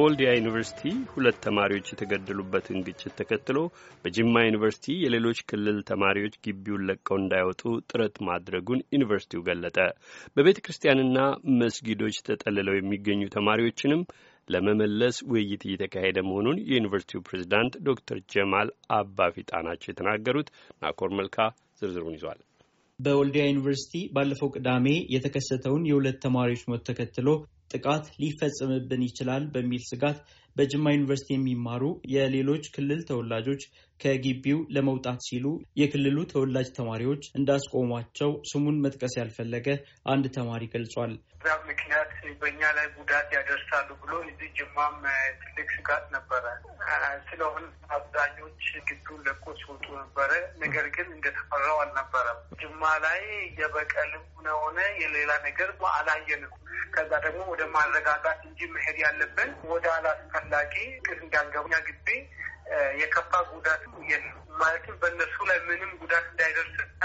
በወልዲያ ዩኒቨርሲቲ ሁለት ተማሪዎች የተገደሉበትን ግጭት ተከትሎ በጅማ ዩኒቨርሲቲ የሌሎች ክልል ተማሪዎች ግቢውን ለቀው እንዳይወጡ ጥረት ማድረጉን ዩኒቨርሲቲው ገለጠ። በቤተ ክርስቲያንና መስጊዶች ተጠልለው የሚገኙ ተማሪዎችንም ለመመለስ ውይይት እየተካሄደ መሆኑን የዩኒቨርሲቲው ፕሬዝዳንት ዶክተር ጀማል አባፊጣ ናቸው የተናገሩት። ናኮር መልካ ዝርዝሩን ይዟል። በወልዲያ ዩኒቨርሲቲ ባለፈው ቅዳሜ የተከሰተውን የሁለት ተማሪዎች ሞት ተከትሎ ጥቃት ሊፈጸምብን ይችላል በሚል ስጋት በጅማ ዩኒቨርሲቲ የሚማሩ የሌሎች ክልል ተወላጆች ከግቢው ለመውጣት ሲሉ የክልሉ ተወላጅ ተማሪዎች እንዳስቆሟቸው ስሙን መጥቀስ ያልፈለገ አንድ ተማሪ ገልጿል። ምክንያት በእኛ ላይ ጉዳት ያደርሳሉ ብሎ እዚህ ጅማም ትልቅ ስጋት ነበረ። ስለሆነ አብዛኞች ግቢውን ለቆ ሲወጡ ነበረ። ነገር ግን እንደተፈራው አልነበረም። ጅማ ላይ የበቀልም ሆነ የሌላ ነገር አላየንም። ከዛ ደግሞ ወደ ማረጋጋት እንጂ መሄድ ያለብን ወደ አላስፈ ተፈላጊ ቅስ እንዳንገቡኛ ግቢ የከፋ ጉዳት የለም ማለትም በእነሱ ላይ ምንም ጉዳት እንዳይደርስ እና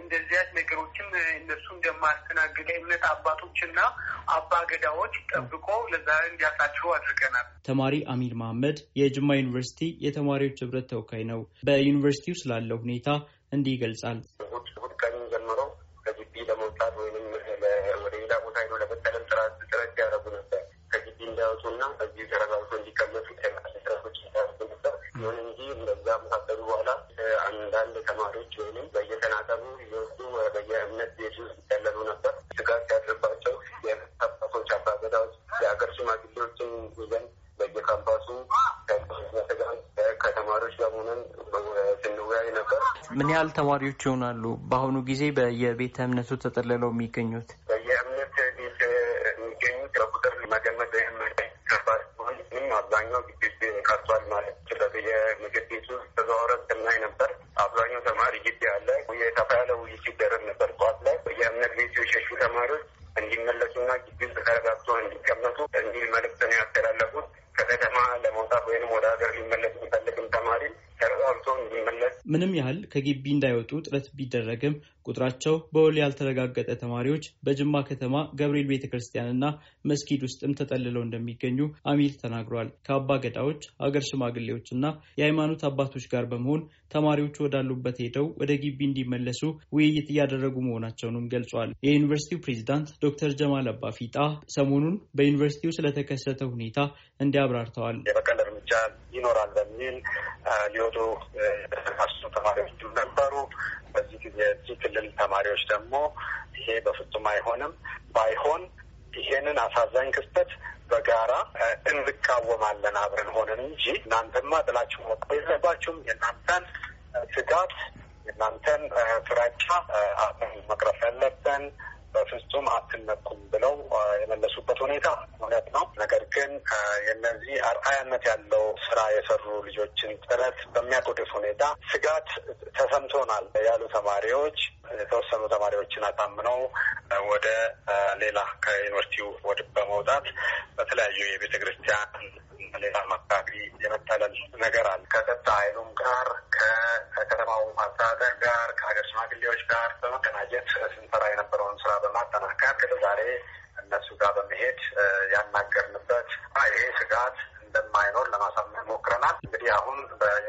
እንደዚያት ነገሮችን እነሱ እንደማያስተናግድ እምነት አባቶችና አባ ገዳዎች ጠብቆ ለዛ እንዲያሳድሩ አድርገናል። ተማሪ አሚር መሀመድ የጅማ ዩኒቨርሲቲ የተማሪዎች ህብረት ተወካይ ነው። በዩኒቨርሲቲው ስላለው ሁኔታ እንዲህ ይገልጻል። ቀኑን ጀምሮ ከግቢ ለመውጣት ወይም ወደ ሌላ ቦታ ሄዶ ለመጠለም ጥረት እና በዚህ ተረጋግቶ እንዲቀመጡ ተማሪ ስራቶች ነበር። ይሁን እንጂ እንደዛ መሳሰሉ በኋላ አንዳንድ ተማሪዎች ወይም በየተናጠሉ እየወጡ በየእምነት ቤት ውስጥ ይጠለሉ ነበር። ስጋት ሲያድርባቸው የፓሶች አባገዳዎች፣ የሀገር ሽማግሌዎችን ይዘን በየካምፓሱ ከተማሪዎች ጋር ሆነን ስንወያይ ነበር። ምን ያህል ተማሪዎች ይሆናሉ በአሁኑ ጊዜ በየቤተ እምነቱ ተጠልለው የሚገኙት? አብዛኛው ግቢ ቀርቷል ማለት ይችላል። የምግብ ቤቱ ተዘዋውረን ስናይ ነበር። አብዛኛው ተማሪ ግቢ አለ። የከፋ ያለ ውይይት ሲደረግ ነበር። ጠዋት ላይ የእምነት ቤቱ የሸሹ ተማሪዎች እንዲመለሱና ግቢ ተረጋግቶ እንዲቀ ምንም ያህል ከግቢ እንዳይወጡ ጥረት ቢደረግም ቁጥራቸው በውል ያልተረጋገጠ ተማሪዎች በጅማ ከተማ ገብርኤል ቤተ ክርስቲያንና መስጊድ ውስጥም ተጠልለው እንደሚገኙ አሚል ተናግሯል። ከአባ ገዳዎች፣ አገር ሽማግሌዎችና የሃይማኖት አባቶች ጋር በመሆን ተማሪዎቹ ወዳሉበት ሄደው ወደ ግቢ እንዲመለሱ ውይይት እያደረጉ መሆናቸውንም ገልጿል። የዩኒቨርሲቲው ፕሬዚዳንት ዶክተር ጀማል አባፊጣ ሰሞኑን በዩኒቨርሲቲው ስለተከሰተ ሁኔታ እንዲያብራርተዋል። እርምጃ ይኖራል በሚል ሊወጡ የተነሱ ተማሪዎች ነበሩ። በዚህ ጊዜ እዚህ ክልል ተማሪዎች ደግሞ ይሄ በፍጹም አይሆንም፣ ባይሆን ይሄንን አሳዛኝ ክስተት በጋራ እንቃወማለን አብረን ሆነን እንጂ እናንተማ ጥላችሁ መውጣት የለባችሁም። የእናንተን ስጋት የእናንተን ፍራቻ መቅረፍ ያለብን በፍጹም አትነኩም ብለው የመለሱበት ሁኔታ እውነት ነው። ነገር ግን የነዚህ አርአያነት ያለው ስራ የሰሩ ልጆችን ጥረት በሚያጎድፍ ሁኔታ ስጋት ተሰምቶናል ያሉ ተማሪዎች የተወሰኑ ተማሪዎችን አሳምነው ወደ ሌላ ከዩኒቨርሲቲው ወድ በመውጣት በተለያዩ የቤተ ክርስቲያን ሌላ አካባቢ የመጠለል ነገር አለ። ከጸጥታ ኃይሉም ጋር ከከተማው አስተዳደር ጋር ከሀገር ሽማግሌዎች ጋር በመቀናጀት ስንሰራ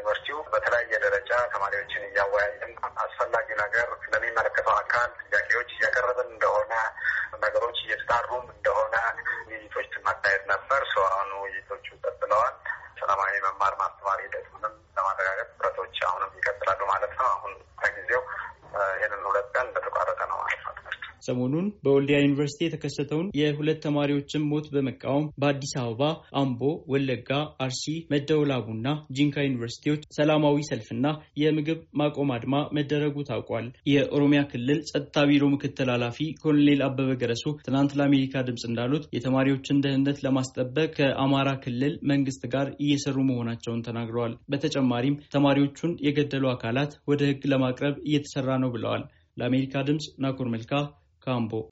ዩኒቨርሲቲው በተለያየ ደረጃ ተማሪዎችን እያወያየን አስፈላጊ ነገር ለሚመለከተው አካል ጥያቄዎች እያቀረብን እንደሆነ ነገሮች እየተጣሩም ሰሞኑን በወልዲያ ዩኒቨርሲቲ የተከሰተውን የሁለት ተማሪዎችን ሞት በመቃወም በአዲስ አበባ፣ አምቦ፣ ወለጋ፣ አርሲ፣ መደወላቡና ጂንካ ዩኒቨርሲቲዎች ሰላማዊ ሰልፍና የምግብ ማቆም አድማ መደረጉ ታውቋል። የኦሮሚያ ክልል ጸጥታ ቢሮ ምክትል ኃላፊ ኮሎኔል አበበ ገረሱ ትናንት ለአሜሪካ ድምፅ እንዳሉት የተማሪዎችን ደህንነት ለማስጠበቅ ከአማራ ክልል መንግስት ጋር እየሰሩ መሆናቸውን ተናግረዋል። በተጨማሪም ተማሪዎቹን የገደሉ አካላት ወደ ህግ ለማቅረብ እየተሰራ ነው ብለዋል። ለአሜሪካ ድምፅ ናኮር መልካ 干部。